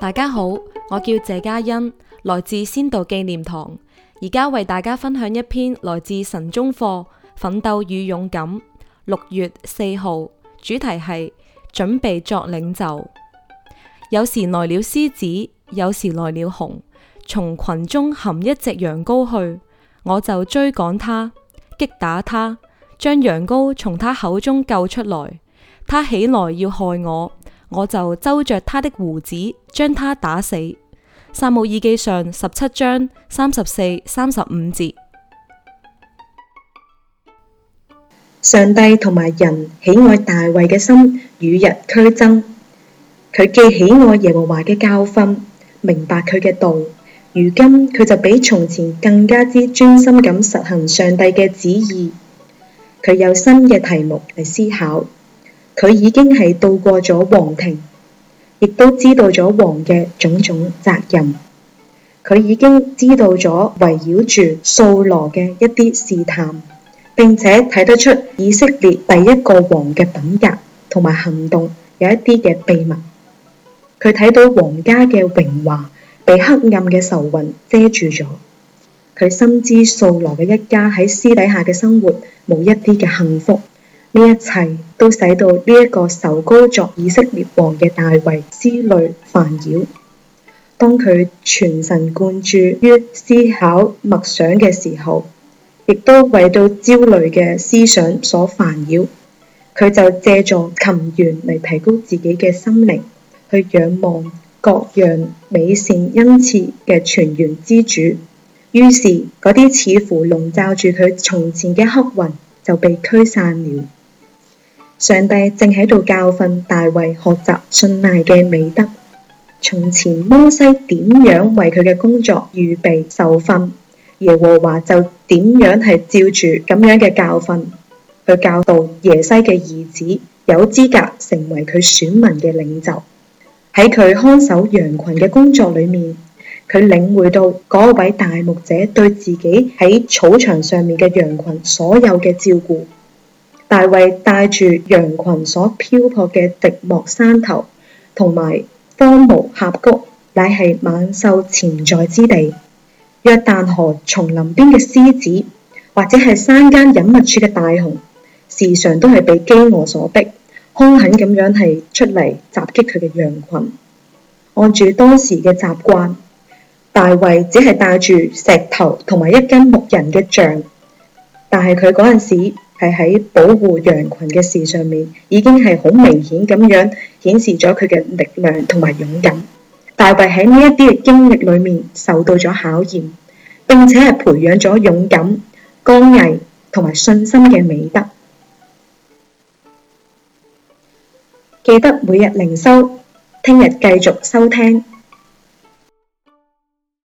大家好，我叫謝嘉欣，來自仙道紀念堂，而家為大家分享一篇來自神中課《奮鬥與勇敢》，六月四號，主題係準備作領袖。有時來了獅子，有時來了熊。從群中含一隻羊羔去，我就追趕他，擊打他，將羊羔從他口中救出來。他起來要害我，我就揪着他的鬍子，將他打死。撒母耳記上十七章三十四、三十五節。上帝同埋人喜愛大衛嘅心與日俱增，佢既喜愛耶和華嘅教訓，明白佢嘅道。如今佢就比從前更加之專心咁實行上帝嘅旨意。佢有新嘅題目嚟思考。佢已經係度過咗皇庭，亦都知道咗王嘅種種責任。佢已經知道咗圍繞住掃羅嘅一啲試探，並且睇得出以色列第一個王嘅品格同埋行動有一啲嘅秘密。佢睇到皇家嘅榮華被黑暗嘅愁雲遮住咗，佢深知掃羅嘅一家喺私底下嘅生活冇一啲嘅幸福，呢一切都使到呢一個受膏作以色列王嘅大衛思慮煩擾。當佢全神貫注於思考默想嘅時候，亦都為到焦慮嘅思想所煩擾，佢就借助琴弦嚟提高自己嘅心靈，去仰望，各樣美善恩賜嘅泉源之主，於是嗰啲似乎籠罩住佢從前嘅黑雲就被驅散了。上帝正喺度教訓大衛學習信賴嘅美德。從前摩西點樣為佢嘅工作預備受訓，耶和華就點樣係照住咁樣嘅教訓去教導耶西嘅兒子，有資格成為佢選民嘅領袖。喺佢看守羊群嘅工作裏面，佢領會到嗰位大牧者對自己喺草場上面嘅羊群所有嘅照顧。大衛帶住羊群所漂泊嘅迪莫山頭，同埋荒蕪峽谷，乃係猛獸潛在之地。約旦河叢林邊嘅獅子，或者係山間隱密處嘅大熊，時常都係被饑餓所逼。兇狠咁樣係出嚟襲擊佢嘅羊群。按住當時嘅習慣，大衛只係帶住石頭同埋一根牧人嘅杖，但係佢嗰陣時係喺保護羊羣嘅事上面，已經係好明顯咁樣顯示咗佢嘅力量同埋勇敢。大衛喺呢一啲嘅經歷裏面受到咗考驗，並且係培養咗勇敢、剛毅同埋信心嘅美德。記得每日靈修，聽日繼續收聽。